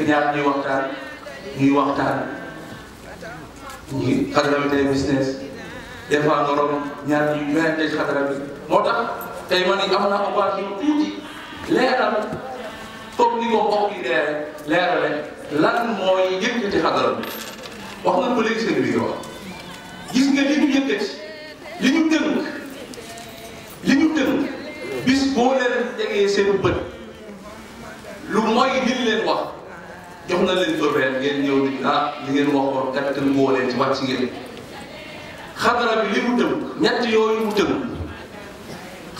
fekk ñaar ñuy waxtaan ñuy waxtaan ñuy xadara bi tey business des fois ñaar ñuy werante ci xadara bi moo tax tey man it am naa occasion tuuti leeral comme ni ko mbokk yi leere leerale lan mooy yëkkati xadara li ñu yëkkati li ñu tënk li ñu tënk bis boo leen tegee seen bët. ngeen ñëw di ah li ngeen waxoon gàttal moo leen bi mu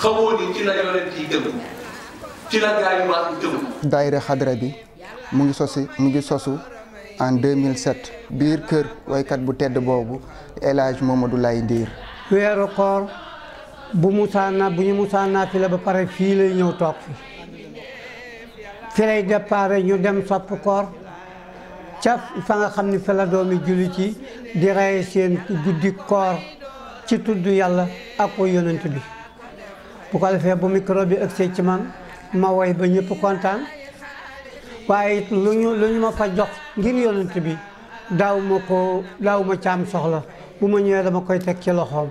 xamoo ni ci la yonent yi tënk ci gaa yu baax yi tënk. daayira xadara bi mu ngi sosi mu ngi sosu en 2007 biir kër waykat bu tedd boobu El Hadj Mamadou Lay Ndiir. weeru koor bu musaana bu ñu musaana fi ba pare fii lay ñëw toog fi fi lay ñu dem sopp koor. ca fa nga xam ni fa la doomi jullit yi di reye seen guddi koor ci tudd yàlla ak ko yonent bi bu ko defee bu micro bi ëgsee ci man ma woy ba ñëpp kontaan waaye it lu ñu ma fa jox ngir yonent bi daaw ko daaw ma ca am soxla bu ma ñëwee dama koy teg ci loxoom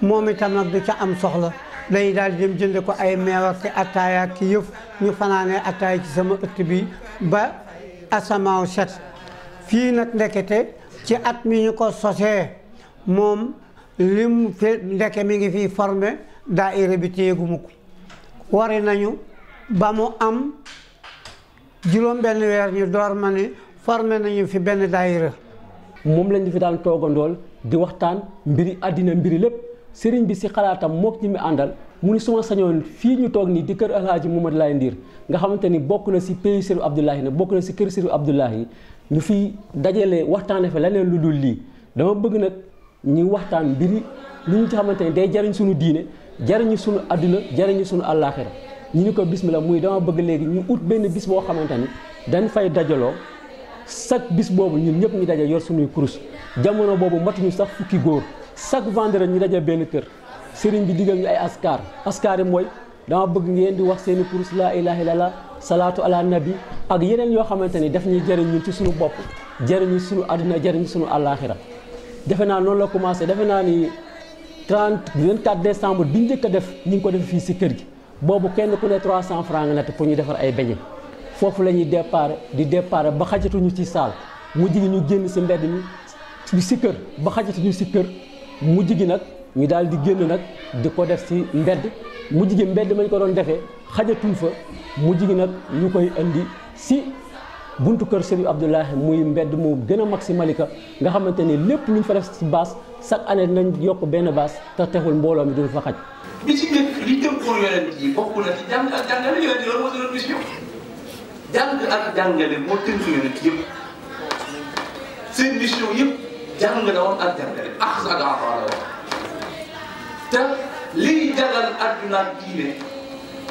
moom itam nag du ca am soxla day daal di dem jënde ko ay meew ak attaaya ak yëf ñu fanaanee attaaya ci sama ëtt bi ba asamaaw set fii nag ndekete ci at mi ñu ko sosee moom lim fi ndeke mi ngi fii formé daaira bi téyegu mukk wari nañu ba mu am juróom benn weer ñu door ma ni formé nañu fi benn daa daayira moom lañu fi daan toogandool di waxtaan mbiri àddina mbiri lépp sëriñ bi si xalaatam mook ñi mi àndal mu ni su ma sañoon fii ñu toog nii di kër alhaaji Momad Laye Ndir nga xamante ni bokk na si pays Serigne Abdoulaye na bokk na si kër Serigne Abdoulaye ñu fi dajale waxtaane fa leneen lu dul lii dama bëgg nag ñu waxtaan mbiri lu ñu ci xamante ni day jariñ suñu diine jariñu suñu adduna jariñu suñu àllaaxira ñu ni ko bismillah muy dama bëgg léegi ñu ut benn bis boo xamante ni dañ fay dajaloo chaque bis boobu ñun ñëpp ñu daje yor suñuy kurus jamono boobu matuñu sax fukki góor chaque vendredi ñu daje benn kër sëriñ bi digal ñu ay askar askar yi mooy dama bëgg ngeen di wax seeni i kurus laa la la salaatu ala nabi ak yeneen yoo xamante ni dafa ñuy jëriñ ñun ci suñu bopp jëriñu suñu àdduna jëriñu suñu àllaaxira defe naa noonu la commencé defe naa ni 30 24 décembre bi njëkk a def ñu ko def fii si kër gi boobu kenn ku ne 300 francs nga natt pour ñu defar ay beñe foofu la ñuy départ di départ ba xajatuñu ci saal mu jigi ñu génn si mbedd mi si kër ba xajatuñu si kër mu jigi nag ñu daal di génn nag di ko def ci mbedd mujj gi mbedd mañ ko doon defe xajatul fa mu gi nag ñu koy indi si buntu kër Serigne Abdoulahi muy mbedd mu gën a mag ci Malika nga xamante ni lépp luñ fa def ci baas chaque année nañ yokk benn baas te texul mbooloo mi duñ ak jàngale moo doon mission jàng ak jàngale moo tënk yonent yëpp jàng la ak jàngale ak sa gaaw a te liy jagal adduna ak diine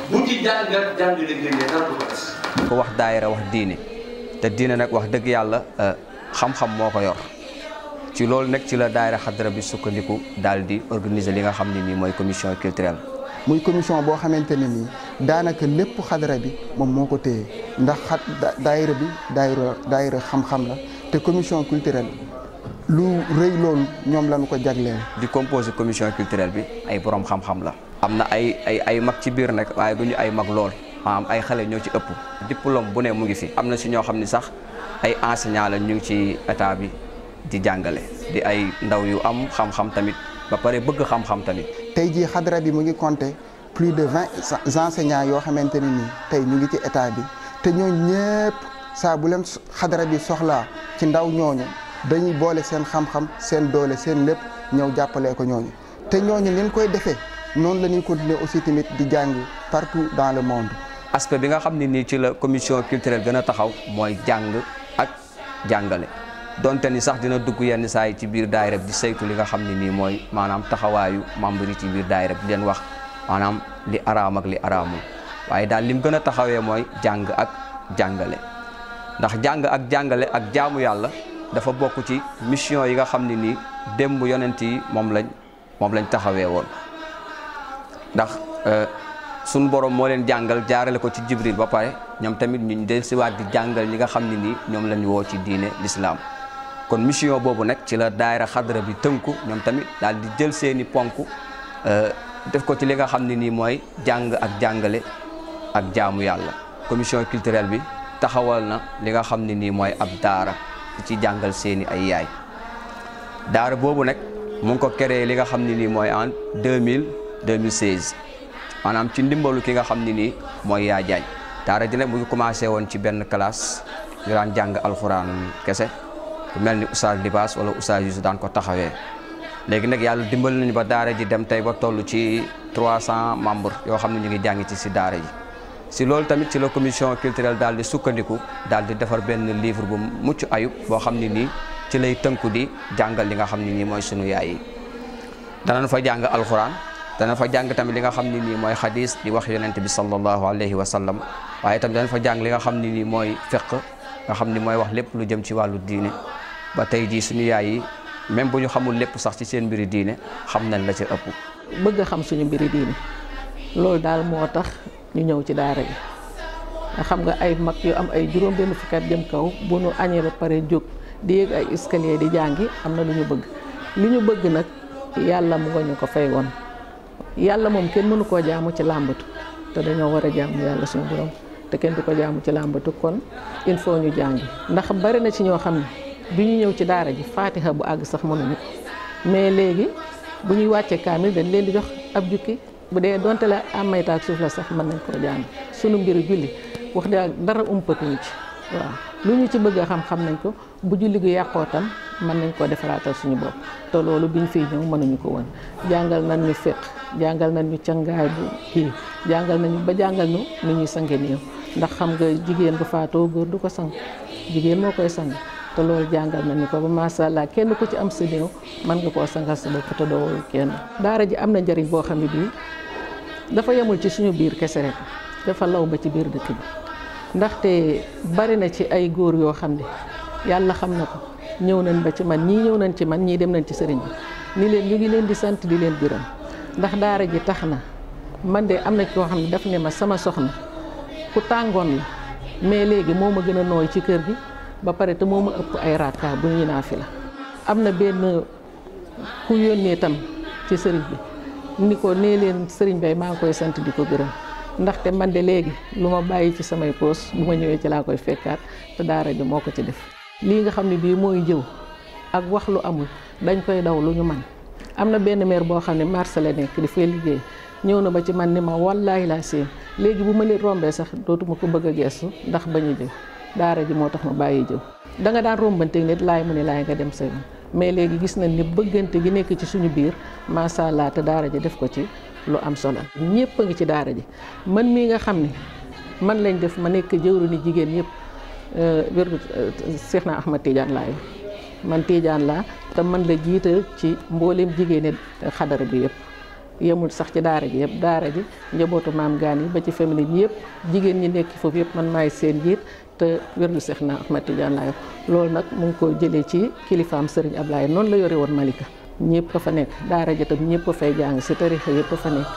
bu ci jàngat jàng na génne dara du ko des. ko wax daayira wax diine te diine nag wax dëgg yàlla euh, xam-xam moo ko yor ci loolu nag ci la daayira xadra bi sukkandiku daal di organiser li nga xam ne nii mooy commission culturelle. muy commission boo xamante ne nii daanaka lépp xadra bi moom moo ko téye ndax xa daayira bi daayira daayira xam-xam la te commission culturelle. lu rëy loolu ñoom lañu ko jagleel. di composé commission culturel bi ay borom xam-xam la. am na ay ay mag ci biir nag waaye du ñu ay mag lool am ay xale ñoo ci ëpp. diplôme bu nee mu ngi fi. am na si ñoo xam ni sax ay enseignant la ñu ngi ci état bi di jàngale. di ay ndaw yu am xam-xam tamit ba pare bëgg xam-xam tamit. tey jii xadra bi mu ngi compté plus de vingt enseignants yoo xamante ne nii tey ñu ngi ci état bi te ñoo ñëpp saa bu leen bi soxlaa ci ndaw ñooñu. dañuy boole seen xam-xam seen doole seen lépp ñëw jàppalee ko ñooñu te ñooñu liñ koy defee noonu la ñuy continuer aussi tamit di jàng partout dans le monde. aspect bi nga xam ne nii ci la commission culturelle gën a taxaw mooy jàng ak jàngale donte ni sax dina dugg yenn saa yi ci biir daayira di saytu li nga xam ne nii mooy maanaam taxawaayu membre yi ci biir daayira di leen wax maanaam li araam ak li araamul waaye daal lim gën a taxawee mooy jàng ak jàngale ndax jàng ak jàngale ak jaamu yàlla. dafa bokk ci mission yi nga xam ne nii démb yonent yi moom lañ moom lañ taxawee woon ndax euh, suñ borom moo leen jàngal jaarale ko ci jibril ba pare ñoom tamit ñu dellusiwaat di jàngal ñi nga xam ne nii ñoom lañ woo ci diine lislaam kon mission boobu nag ci la daayira xadra bi tënku ñoom tamit daal di jël seeni ponk euh, def ko ci li nga xam ne nii mooy jàng ak jàngale ak jaamu yàlla commission culturelle bi taxawal na li nga xam ne nii mooy ab daara ci jàngal seeni ay yaay daara boobu nag mu ngi ko créé li nga xam ne nii mooy en 2000 2016 maanaam ci ndimbalu ki nga xam ne nii mooy yaa daara ji nag mu ngi commencé woon ci benn classe ñu daan jàng alxuraan kese ku mel ni oustaz libaas wala oustaz yusu daan ko taxawee léegi nag yàlla dimbal nañu ba daara ji dem tey ba toll ci 300 membres yoo xam ñu ngi jàng ci si daara ji si loolu tamit ci la commission culturelle daal di sukkandiku daal di defar benn livre bu mucc ayub boo xam ne nii ci lay tënku di jàngal li nga xam ne nii mooy sunu yaay yi danañ fa jàng alxuraan danañ fa jàng tamit li nga xam ne nii mooy xadis di wax yonent bi sallallahu alayhi wa sallam waaye tamit danañ fa jàng li nga xam ne nii mooy fiq nga xam ni mooy wax lépp lu jëm ci wàllu diine ba tey jii suñu yaay yi même bu ñu xamul lépp sax ci seen mbiri diine xam nañ la ci ëpp. bëgg xam suñu mbiri diine loolu daal moo tax ñu ñëw ci daara ji xam nga ay mag yu am ay juróom benn fukkat jëm kaw bu nu añee ba pare jóg di yéeg ay escalier di jàngi am na lu ñu bëgg lu ñu bëgg nag yàlla mu nga ko fay woon yàlla moom kenn mënu koo jaamu ci làmbatu te dañoo war a jaamu yàlla suñu borom te kenn du ko jaamu ci làmbatu kon il faut ñu jàng ndax bari na ci ñoo xam ne bi ñu ñëw ci daara ji faatiha bu àgg sax mënuñu mais léegi bu ñuy wàccee kaamil dañ leen di jox ab jukki bu dee donte la amayta ak suuf la sax mën nañ koo jàng sunu mbiru julli wax dëgg dara umpatuñu ci waaw lu ñu ci bëgg a xam-xam nañ ko bu julli gi yàqoo tam mën nañ koo defaraatal suñu bopp te loolu bi biñ fi ñëw mënuñu ko woon jàngal nañ ñu fiq jàngal nañ ñu cangaay bu kii jàngal nañu ba jàngal ñu nu ñuy sange néew ndax xam nga jigéen bu faatoo góor du ko sang jigéen moo koy sang te loolu jàngal ni ko ba macha allah kenn ku ci am sa néew mën nga koo sangal sa bopp te doowul kenn. daara ji am na njëriñ boo xam ne bii dafa yemul ci suñu biir kese rek dafa law ba ci biir dëkk bi ndaxte bari na ci ay góor yoo xam ne yàlla xam na ko ñëw nañ ba ci man ñii ñëw nañ ci man ñii dem nañ ci sëriñ bi ni leen ñu ngi leen di sant di leen gërëm ndax daara ji tax na man de am na koo xam ne daf ne ma sama soxna ku tàngoon la mais léegi moo ma nooy ci kër gi. ba pare te moo ma ëpp ay raaka bu ñuy naa la am na benn ku yónnee tam ci sëriñ bi ni ko nee leen sëriñ bay maa ngi koy sant di ko gërëm ndaxte man de léegi lu ma bàyyi ci samay poos bu ma ñëwee ci laa koy fekkaat te daara ji moo ko ci def lii nga xam ne bii mooy jëw ak wax lu amul dañ koy daw lu ñu man am na benn maire boo xam ne marché la nekk dafay liggéey ñëw na ba ci man ni ma wallaahi laa seen léegi bu ma leen rombee sax dootuma ko bëgg a geestu ndax bañ a daara ji moo tax ma bàyyi jëw da nga daan rombanteeg nit laay mu ne laay nga dem sa mais léegi gis nañ ni bëggante gi nekk ci suñu biir macha allah te daara ji def ko ci lu am solo ñëpp a ngi ci daara ji man mii nga xam ne man lañ def ma nekk jëwru ni jigéen ñëpp euh, wér euh, Seex naa Ahmad Tidiane laay man Tidiane laa te man la jiital ci mbooleem jigéeni xadara bi yëpp yemul sax ci daara ji yëpp daara ji njabootu maam gaan yi ba ci féminine yëpp jigéen ñi nekk foofu yëpp man maay seen jiit te wérdu Seex na Ahmad Tijaan laayo loolu nag mu ngi koo jëlee ci kilifaam Serigne Ablaye noonu la yore woon Malika ñëpp fa nekk daara ja tam ñëpp fay jàng si tarixa yëpp fa nekk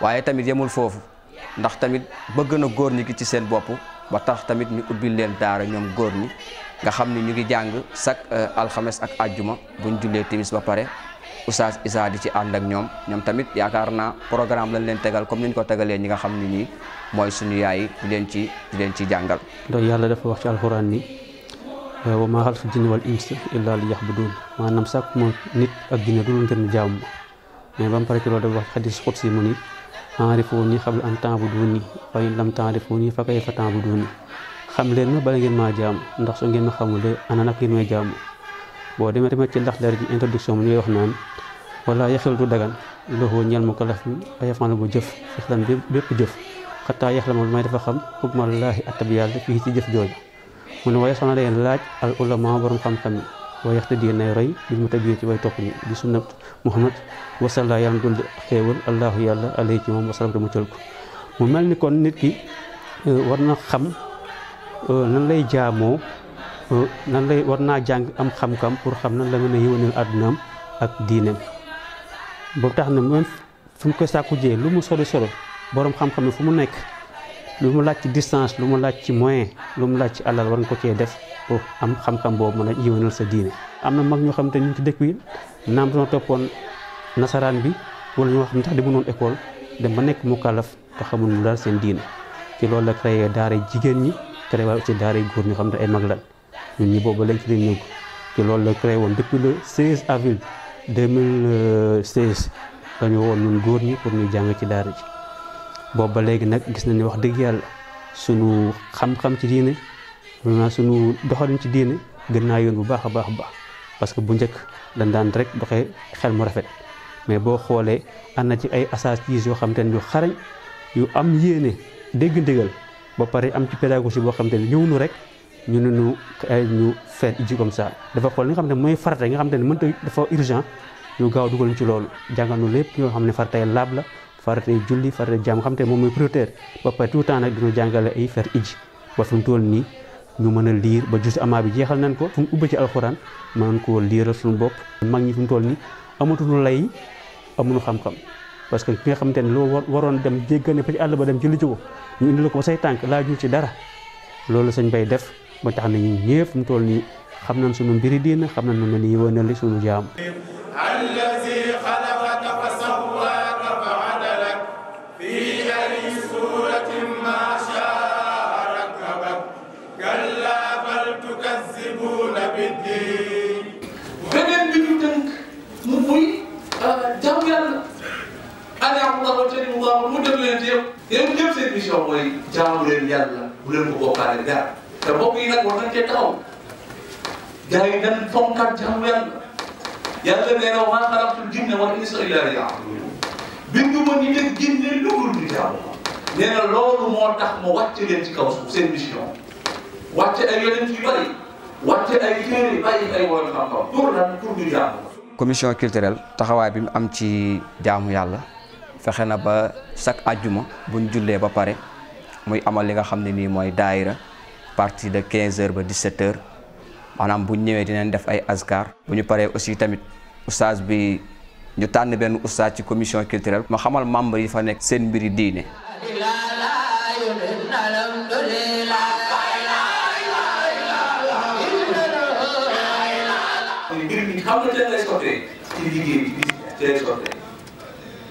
waaye tamit yemul foofu ndax tamit bëgg na góor ñi ci seen bopp ba tax tamit ñu ubbi leen daara ñoom góor ñi nga xam ni ñu ngi jàng chaque euh, alxames ak àjjuma bu ñu jullee timis ba pare Oustaz Issa di ci ànd ak ñoom ñoom tamit yaakaar naa programme lañ leen tegal comme ni ñu ko tegalee ñi nga xam ni nii mooy suñu yaay di leen ci di leen jàngal. ndax yàlla dafa wax ci alxuraan ni euh, wa maa xalaqtu jinna wal insa illaa liya'buduun maanaam sàkk ma nit ak jinne du lu ngeen jaamu mais ba mu pare ci loolu dafa wax xadis xudsi mu ni taarifuni xabla an taabuduni fa in lam taarifuni fa kayfa taabuduni xam leen ma bala ngeen maa jaam ndax su ngeen ma xamul ana nag ngeen may jaam boo demee tamit ci laxdar ji introduction mu ñuy wax naan wala yaxil du dagan loxoo ñel mu kalaf bi ayafan bu jëf ixlan bépp jëf xataa yaxlamal may dafa xam xubmalaahi attab yàlla fii ci jëf jooju mu ne waaye soxna day laaj al ulama borom xam-xam yi waaye yaxta di nay roy bi mu tabiye ci way topp ñi di sunna muhammad wasalla yàlla dolli xéewal allahu yàlla alayhi ci moom wasalam te mu cël ko mu mel ni kon nit ki euh, war na xam euh, nan lay jaamoo euh, nan lay war naa jàng am xam-xam pour xam nan la mën a yëwanal àddunaam ak diineem boobu tax na même fu mu koy sàkku jee lu mu sori sori borom xam-xam fu mu nekk lu mu laaj ci distance lu mu laaj ci moyen lu mu laaj ci alal war nga ko cee def pour am xam-xam boobu mën a yiwanal sa diine am na mag ñoo xam te ñu ci dëkk yi naam dañoo toppoon nasaraan bi wala ñu wax ne tax di mënoon école dem ba nekk mu kàllaf te xamul mu daal seen diine ci loolu la créé daara jigéen ñi créé waaye ci daara góor ñoo xam ne ay mag lan ñun ñi lañ ci leen ñëw ci loolu la créé woon depuis le 16 avril 2016 euh, dañu woon ñun góor ñi pour ñu jàng ci daara ji boobu ba léegi nag gis nañu wax dëgg yàlla sunu xam-xam ci diine naa suñu doxalin ci diine gën naa yoon bu baax a baax a baax parce que bu njëkk dañ daan rek doxee xel mu rafet mais boo xoolee am na ci ay assises yoo xam te ne yu xarañ yu am yéene dégg dégal ba pare am ci pédagogie boo xam te ne nu rek ñu ne ñu ñu feet ji comme ça. dafa xool li nga xam ne mooy farata nga xam te ne mënta dafa urgent ñu gaaw dugal ci loolu jàngal nu lépp yoo xam ne faratay laab la faratay julli faratay jàmm xam te ne moom mooy prioritaire ba pare tout temps nag dina jàngale ay fer iji ba fi mu nii. ñu mën a liir ba juste amaa bi jeexal nañ ko fu mu ci alxuraan mën koo liiral suñu bopp mag ñi fi mu toll ni amatuñu lay amuñu xam-xam parce que ki nga xamante ne loo waroon dem jéggane fa ci àll ba dem ci li ko ñu indi la ko ba say tànk laajul ci dara loolu sañ bay def ba tax na ñu ñëpp fu mu toll nii xam nañ suñu mbiri diina xam nañ nu ne nii yëwénali suñu jaam yéen ñëpp seen mission mooy jaamu leen yàlla bu leen ko bokkaale dara te mbokk yi nag war nañ cee taxaw gars yi dañ fonkaat jaamu yàlla yàlla nee na wa maa xalaqtul jinna wal insa illa liya'budun bindu ni leen jinne lu dul ñu jaamu nee na loolu moo tax ma wàcce leen ci kaw suuf mission wàcce ay yeneen yu bëri wàcce ay téere bàyyi ay woon xam-xam pour lan pour ñu jaamu. commission culturelle taxawaay bi am ci jaamu yàlla. fexe na ba chaque ajjuma buñ jullee ba pare muy amal li nga xam ne nii mooy daayira partie de 15 heures ba 17 heures maanaam buñ ñëwee dinañ def ay askar bu ñu paree aussi tamit oustaz bi ñu tànn benn oustaz ci commission culturelle ma xamal membre yi fa nekk seen mbiri diine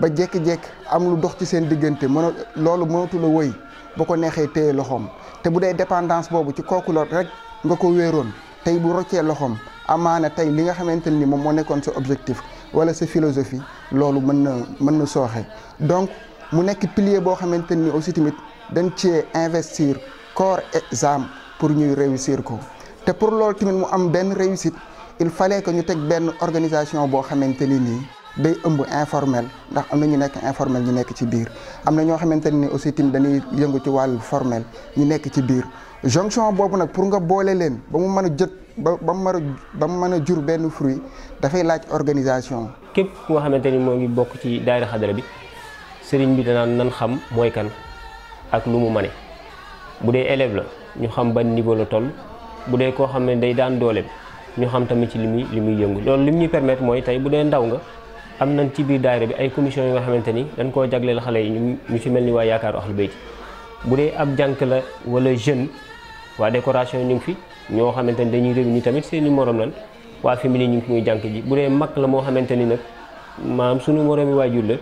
ba jékki-jékki am lu dox ci lolo diggante mën a loolu mënatu la wëy ba ko neexee téye loxoom te bu dee dépendance boobu ci kooku la rek nga ko wéeroon tey bu li nga ni moom moo objectif wala sa philosophie lolo mën na mën na sooxe donc mu nekk pilier boo xamante ni aussi tamit dañ investir corps exam pour ñuy réussir ko te pour loolu tamit mu am benn réussite il fallait que ñu teg benn organisation boo xamante ni day ëmb informel ndax am na ñu nekk informel ñu nekk ci biir am na ñoo xamante ni aussi tamit dañuy yëngu ci wàllu formel ñu nekk ci biir jonction boobu nag pour nga boole leen ba mu mën a jot ba ba mu mën a ba mu mën a jur benn fruit dafay laaj organisation. képp koo xamante ni moo ngi bokk ci daayira xadara bi sëriñ bi danaan nan xam mooy kan ak lu mu mane bu dee élève la ñu xam ban niveau la toll bu dee koo xam ne day daan dooleem ñu xam tamit ci li muy li muy yëngu loolu lim ñuy permettre mooy tey bu dee ndaw nga. am nañ ci biir daayira bi ay commission yi nga xamante ni dañ koo jagleel xale yi ñu ñu ci mel ni waa yaakaaru axlu bayti bu dee ab jànk la wala jeune waa décoration ñu ngi fi ñoo xamante ni dañuy réunir tamit seen i morom lan waa féminin ñu ngi fi muy jànk ji bu dee mag la moo xamante ni nag maam suñu moroomi waajur la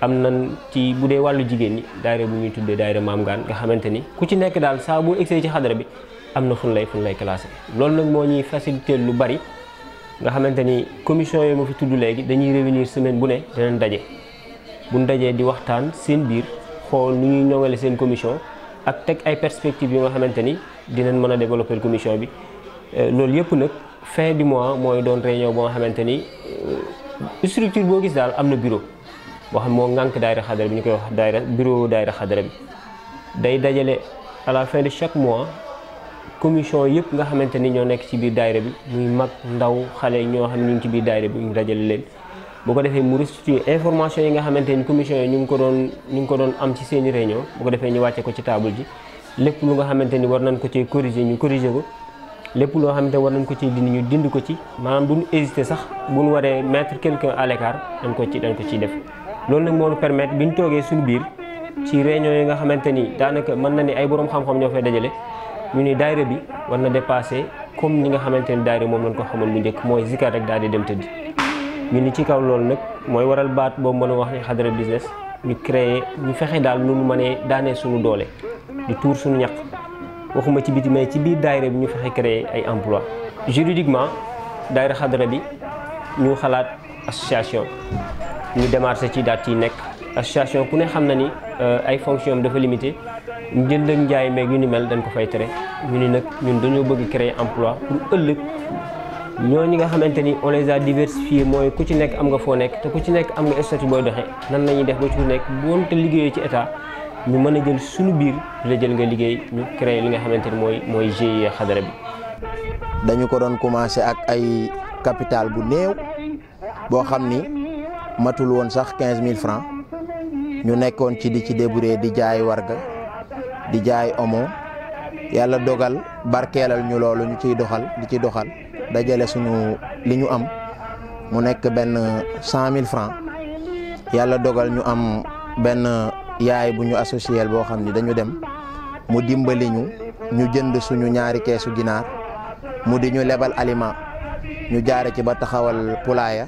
am nañ ci bu dee wàllu jigéen ñi daayira bu ñuy tuddee daayira maam gaan nga xamante ni ku ci nekk daal saa boo egsee ci xadara bi am na fu lay fu lay classé lu bari nga xamante ni commission yooyu ma fi tudd léegi dañuy réunir semaine bu ne danañ daje bu dajee di waxtaan seen biir xool nu ñuy ñoŋale seen commission ak teg ay perspectives yu nga xamante ni dinañ mën a développer commission bi euh, loolu yëpp nag fin du mois mooy doon réunion boo nga xamante ni euh, structure boo gis daal am na bureau boo xam moo ngànk daayira xadara bi ñu koy wax daayira bureau daayira xadara bi day dajale à fin de chaque mois commission yëpp nga xamante ni ñoo nekk ci biir daayira bi muy mag ndaw xale ñoo xam ne ñu ngi ci biir daayira bi ñu dajale leen boo ko defee mu restituer information yi nga xamante ni commission yi ñu ngi ko doon ñu ngi ko doon am ci seeni réunion bu ko defee ñu wàcce ko ci table ji lépp lu nga xamante ni war nañ ko ci corriger ñu corriger ko lépp loo xamante war nañ ko ci dindi ñu dind ko ci maanaam duñu hésiter sax buñu waree mettre quelqu'un à l'écart dañ ko ci dañ ko ciy def loolu nag moo ñu permettre bi ñu toogee suñu biir ci réunion yi nga xamante ni daanaka mën na ni ay borom xam-xam ñoo fay ñu ne daayira bi war na dépassé comme ni nga xamante ne daayira moom lañ ko xamal bu njëkk mooy zikar rek daal di dem tëdd ñu ni ci kaw loolu nag mooy waral baat boobu mën a wax ni xadara business ñu créé ñu fexe daal nu mu mënee daanee suñu doole di tuur suñu ñaq waxuma ci biti mais ci biir daayira bi ñu fexe créé ay emploi juridiquement daayira xadara bi ñu xalaat association ñu démarché ci daat yi nekk association ku ne xam na ni euh, ay fonction dafa limité njënd ak njaay meeg yu ni mel dañ ko fay tere ñu ni nag ñun dañoo bëgg créer emploi pour ëllëg ñoo ñi nga xamante ni on les a diversifiés mooy ku ci nekk am nga foo nekk te ku ci nekk am nga statut booy doxee nan la ñuy def ba ci nekk bonte liggéeyee ci état ñu mën a jël suñu biir la jël nga liggéey ñu créer li nga xamante ni mooy mooy GIE xadara bi. dañu ko doon commencé ak ay capital bu néew boo xam ni matul woon sax quinze mille francs ñu nekkoon ci di ci débrouiller di jaay ga di jaay omo yàlla dogal barkeelal ñu loolu ñu ciy doxal di ci doxal dajale suñu li ñu am mu nekk benn cent mille francs yàlla dogal ñu am benn yaay bu ñu associel boo xam ni dañu dem mu dimbali ñu ñu jënd suñu ñaari keesu ginaar mu di ñu lebal aliment ñu jaare ci ba taxawal pulaaya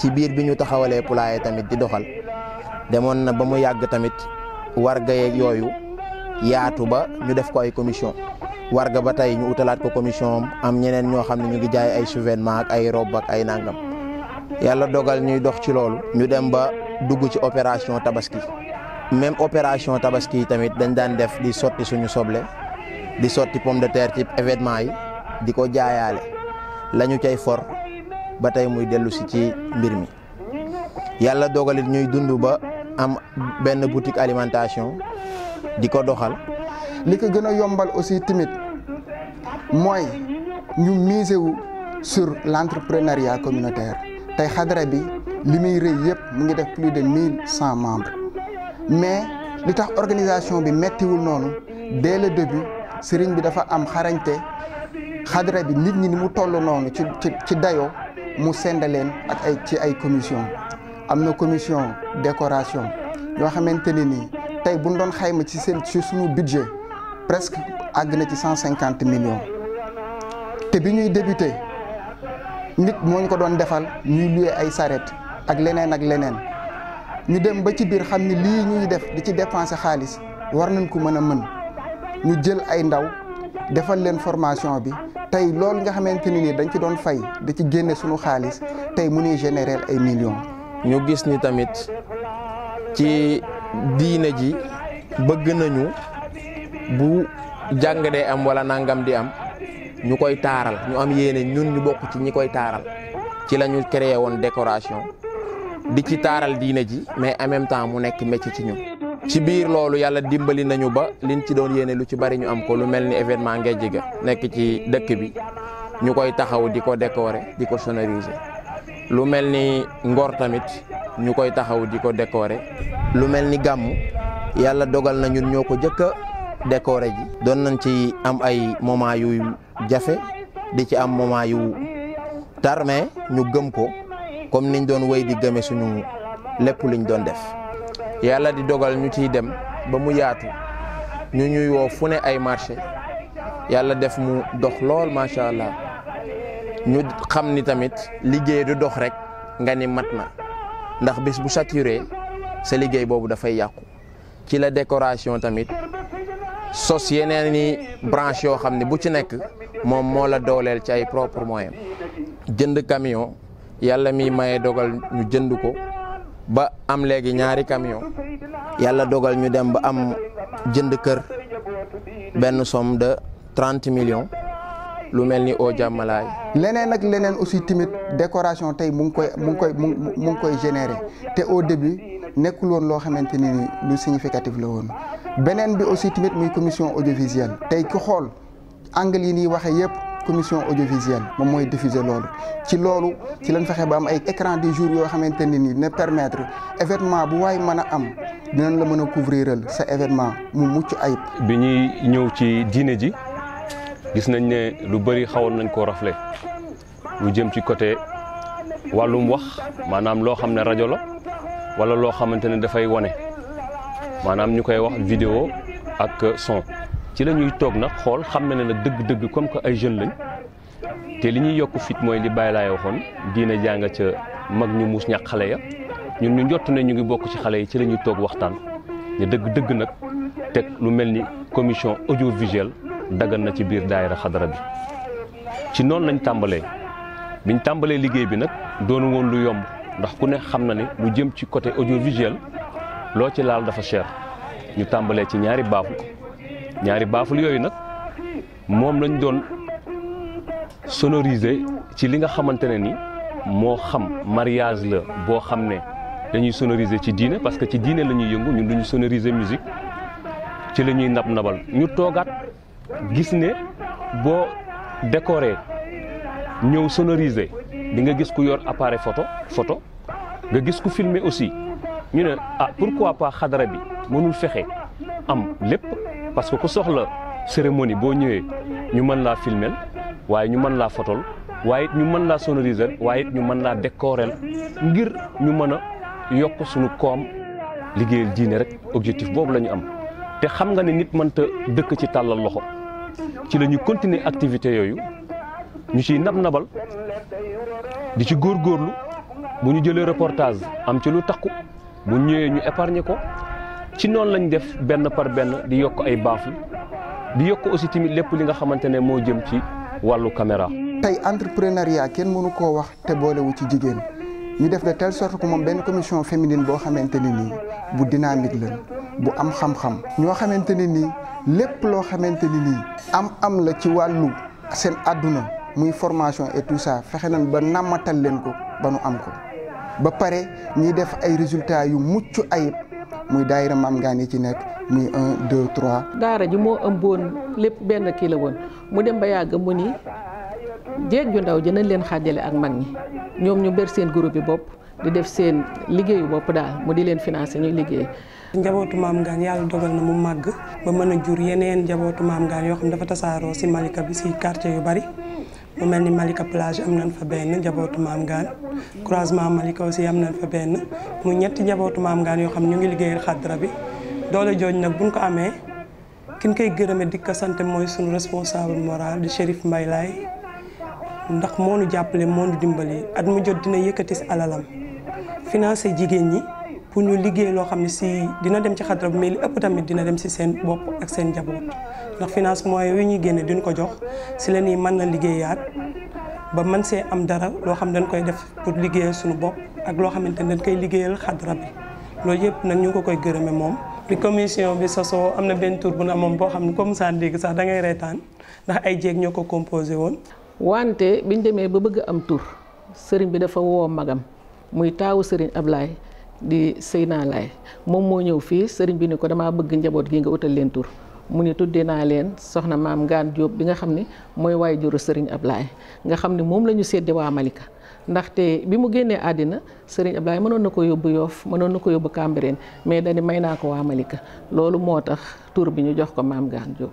ci biir bi ñu taxawalee pulaaya tamit di doxal demoon na ba mu yàgg tamit warga yooyu yaatu ba ñu def ko ay commission warga ba tey ñu utalaat ko commission am ñeneen ñoo xam ne ñu ngi jaay ay souvenement ak ay robe ak ay nangam yàlla dogal ñuy dox ci loolu ñu dem ba dugg ci opération tabaski même opération tabaski tamit dañ daan def di sotti suñu soble di sotti pomme de terre ci événement yi di ko jaayaale lañu ñu cay for ba tey muy dellu si ci mbir mi yàlla dogalit ñuy dund ba am benn boutique alimentation diko doxal liko gëna yombal aussi timit moy ñu miser wu sur l'entrepreneuriat communautaire tay xadra bi li muy yépp mu ngi def plus de 1100 membres mais li tax organisation bi wul noonu dès le début sëriñ bi dafa am xarañte xadra bi nit ñi ni mu toll noonu ci ci ci dayoo mu send ak ay ci ay commission am na commission décoration yoo xamante ni nii tey bu ñu doon xayma ci seen ci suñu budget presque àgg na ci cent cinquante millions te bi ñuy débuté nit moo ñu ko doon defal ñuy luye ay saret ak leneen ak leneen ñu dem ba ci biir xam ni lii ñuy def di ci dépenser xaalis war nañ ko mën a mën ñu jël ay ndaw defal leen formation bi tey loolu nga xamante ni nii dañ ci doon fay di ci génne suñu xaalis tey mu nuy générer ay millions. ñu gis ni tamit ci. diine ji bëgg nañu bu jàng dee am wala nangam di am ñu koy taaral ñu am yéene ñun ñu bokk ci ñi koy taaral ci la ñu créé woon décoration di ci taaral diine ji mais en même temps mu nekk métier ci ñu ci biir loolu yàlla dimbali nañu ba liñ ci doon yéene lu ci bari ñu am ko lu mel ni événement ngejj ga nekk ci dëkk bi ñu koy taxaw di ko décorer di ko sonoriser lu mel ni ngor tamit ñu koy taxaw di ko décorer. lu mel ni gàmm yàlla dogal na ñun ñoo ko jëkk a décoré ji doon nañ ci am ay moment yuy jafe di ci am moment yu tar ñu gëm ko comme niñ doon wéy di gëme suñu lépp liñ doon def yàlla di dogal ñu ciy dem ba mu yaatu ñu ñuy woo fu ne ay marché yàlla def mu dox lool macha allah ñu xam ni tamit liggéey du dox rek nga ni mat na ndax bis bu saturé sa liggéey boobu dafay yàqu ci la décoration tamit sos yeneen i branche yoo xam ne bu ci nekk moom moo la dooleel ci ay propre moyen jënd camion yàlla mi maye dogal ñu jënd ko ba am léegi ñaari camion yàlla dogal ñu dem ba am jënd kër benn somme de trente millions lu mel ni oo jàmmalaay leneen ak leneen aussi tamit décoration tey mu ngi koy mu ngi koy mu ngi koy générer te au début nekkul woon loo xamante ni lu significatif la woon beneen bi aussi tamit muy commission audiovisuelle tey ku xool angle yi nii waxee yëpp commission audiovisuelle moom mooy diffuser loolu ci loolu ci lañ fexe ba am ay écran du jour yoo xamante ne nii ne permettre événement bu waaye mën a am dinañ la mën a couvriral sa événement mu mucc ayib. bi ñuy ñëw ci diine ji gis nañ ne lu bëri xawoon nañ koo rafle lu jëm ci côté wàllum wax maanaam loo xam ne rajo la. wala loo xamante ne dafay wane maanaam ñu koy wax vidéo ak son ci la ñuy toog nag xool xam na ne na dëgg-dëgg comme que ay jeunes lañ te li ñuy yokk fit mooy li Baye laay waxoon diine jàng ca mag ñu muus ñàkk xale ya ñun ñu njott ne ñu ngi bokk ci xale yi ci la toog waxtaan ñu dëgg-dëgg nag teg lu mel ni commission audiovisuelle dagan na ci biir daayira xadara bi ci noonu lañ tàmbalee biñ tàmbalee liggéey bi nag doonu woon lu yomb ndax ku ne xam na ne lu jëm ci côté audiovisuel loo ci laal dafa cher ñu tàmbalee ci ñaari baaful ñaari baaful yooyu nag moom lañ doon sonoriser ci li nga xamante ne ni moo xam mariage la boo xam ne dañuy sonoriser ci diine parce que ci diine la ñuy yëngu ñun duñu sonoriser musique ci la ñuy nab nabal ñu toogaat gis ne boo décorer ñëw sonoriser nga gis ku yor appareil photo photo nga gis ku filmer aussi ñu ne ah pourquoi pas xadara bi mënul fexé am lépp parce que ku soxla cérémonie boo ñëwee ñu mën laa filmel waaye ñu mën laa fotol waaye ñu mën laa sonoriser waaye ñu mën laa décorer ngir ñu mën a yokk suñu koom liggéeyal diine rek objectif boobu la ñu am te xam nga ne nit mënta dëkk ci tàllal loxo ci la ñu continuer activité yooyu ñu ciy nab nabal di ci góor góorlu bu ñu jëlee reportage am ci lu takku bu ñëwee ñu épargner ko ci noonu lañu def benn par benn di yokk ay baaful di yokk aussi tamit lépp li nga xamante ne moo jëm ci wàllu caméra. tey entrepreneuriat kenn mënu ko wax te boolewu ci jigéen ñu def de tele sorte ko moom benn commission féminin boo xamante ne nii bu dynamique la bu am xam-xam. ñoo xamante ne nii lépp loo xamante ne nii am am la ci wàllu seen àdduna. muy formation et tout ça fexe nañ ba nàmmatal leen ko ba nu am ko ba pare ñuy def ay résultats yu mucc ayib muy daayira maam ngaan yi ci nekk muy un deux trois. daara ji moo ëmboon lépp benn kii woon mu dem ba yàgg mu ni jéeg ju ndaw ji nañ leen xaajale ak mag ñi ñoom ñu ber seen groupe bi bopp di def seen liggéeyu bopp daal mu di leen financé ñuy liggéey. njabootu maam ngaan yàlla dogal na mu màgg ba mën a jur yeneen njabootu maam ngaan yoo xam dafa tasaaroo si Malika bi si quartier yu bari. mu mel ni Malika plage am na fa benn njabootu maam gaan croisement Malika aussi am na fa benn mu ñetti njabootu maam gaan yoo xam ñu ngi liggéeya xadra bi doole jooj nag bu buñ ko amee kin koy gërëme di ko sant mooy suñu responsable moral di Chérif mbay Laye ndax moonu jàppale moo dimbali at mu jot dina yëkkati si alalam financé jigéen ñi pour ñu liggéey loo xam ne si dina dem ci xadra bi mais li ëpp tamit dina dem si seen bopp ak seen njaboot ndax financement yooyu ñuy génne duñ ko jox si leen ñuy mën na liggéeyaat ba mën see am dara loo xam dañ koy def pour liggéeyal suñu bopp ak loo xamante ne dañ koy liggéeyal xadra bi loolu yëpp nag ñu ko koy gërëme moom. bi commission bi sosoo am na benn tur bu na moom boo xam ne comme ça léegi sax da ngay reetaan ndax ay jéeg ñoo ko composé woon. wante ñu demee ba bëgg am tur sëriñ bi dafa woo magam muy taawu sëriñ Ablaye. di Seyna Laye moom moo ñëw fii sëriñ bi ni ko damaa bëgg njaboot gi nga wutal leen tur mu ni tuddee naa leen soxna maam Ngaan jóob bi nga xam ne mooy waay juru sëriñ ab laay nga xam ne moom la ñu sédde waa Malika ndaxte bi mu génnee àddina sëriñ Ablaye mënoon na ko yóbbu Yoff mënoon na ko yóbbu Cambérène mais dañu may naa ko waa Malika loolu moo tax tur bi ñu jox ko maam Ngaan jóob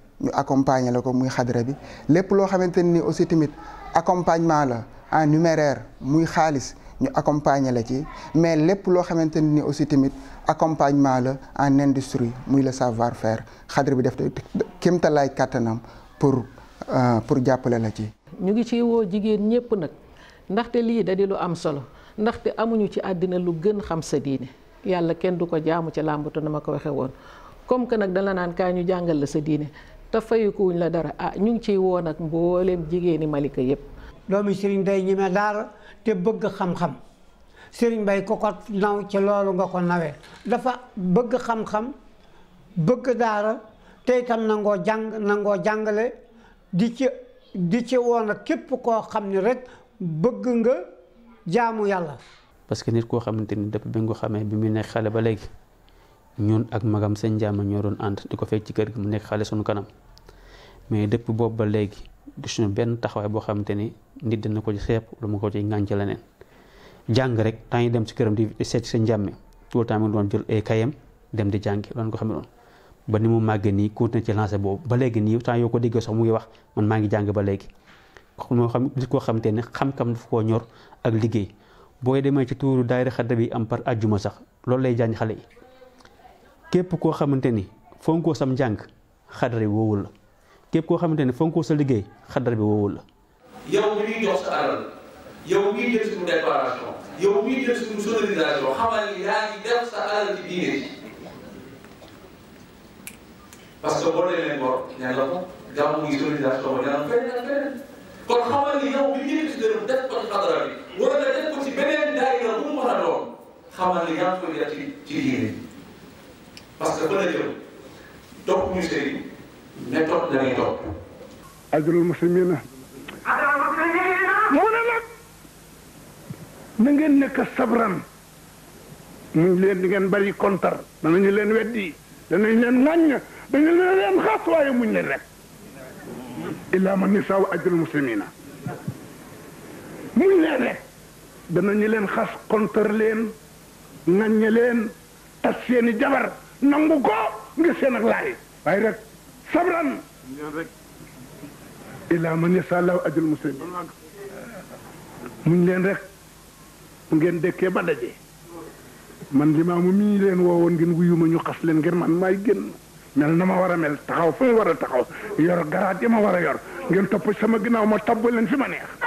ñu accompagner la muy xadra bi lépp loo xamante ni aussi tamit accompagnement la en numéraire muy xaalis ñu accompagner la ci mais lépp loo xamante ni aussi tamit accompagnement la en industrie muy le savoir faire xadra bi def kéemtalaay katanam pour euh, pour jàppale la ci. ñu ngi ci woo jigéen ñëpp nag ndaxte lii da di lu am solo ndaxte amuñu ci àddina lu gën xam sa diine yàlla kenn du jaamu ci làmbatu na ko comme que dala nan kaa ñu jàngal la sa te fayikuwuñ la dara ah ñu ngi ciy woon ak mbooleem jigéeni Malika yépp doomi sëriñ day ñeme daara te bëgg xam-xam sëriñ bay ko ko naw ci loolu nga ko nawee dafa bëgg xam-xam bëgg daara tey itam nangoo jàng nangoo jàngale di ci di ci woon ak képp koo xam ne rek bëgg nga jaamu yàlla parce que nit koo xamante ni depuis bi nga xamee bi mu nekk xale ba léegi ñun ak magam sëñ jaama ñoo doon ànd di ko fecc ci kër gi mu nekk xale sunu kanam mais dëpp boobu ba léegi gisuñu benn taxawaay boo ni nit ko ci xeeb lu mu ko ci ngànc leneen jàng rek temps yi dem ci këram di seet sëñ jàmme tout temps mi doon jël ay kayam dem di jàngi doon ko xam noonu ba ni mu màggee nii continué ci lancé boobu ba léegi nii temps yoo ko déggee sax mu ngi wax man maa ngi jàng ba léegi moo xam nit koo xamante ne xam-xam daf koo ñor ak liggéey booy demee ci tuuru daayira xadda bi am par sax loolu lay jàng xale yi képp koo xamante ni fonkoo sam njàng xadara bi woowul la képp koo xamante ni fonkoo sa liggéey xadara bi woowul kon xamal ni yow mi ngi jël si dërëm def ko ci xadara bi wala nga xamal ni yaa ngi koy ci diine parce que fa la jëm topp ñu sëriñ méthode la ñuy topp. ajrul muslimina. mu ne nag na ngeen nekk sabran muñ leen di ngeen bari kontar danañu leen weddi danañ leen ŋàññ dañu leen leen xas waaye muñ leen rek illaa ma nisaaw leen rek leen xas kontar leen ŋàññ leen tas seeni jabar nangu ko ngir seen ak laay waaye rek sabran ila man yasallahu ajul muslimin muñ leen rek mu ngeen dëkkee ba daje man limaamu ñu leen woowoon ngeen ma ñu xas leen ngir man maay génn mel na ma war a mel taxaw fu ma war a taxaw yor garaat yi ma war a yor ngeen topp sama ginnaaw ma tabb leen fi ma neex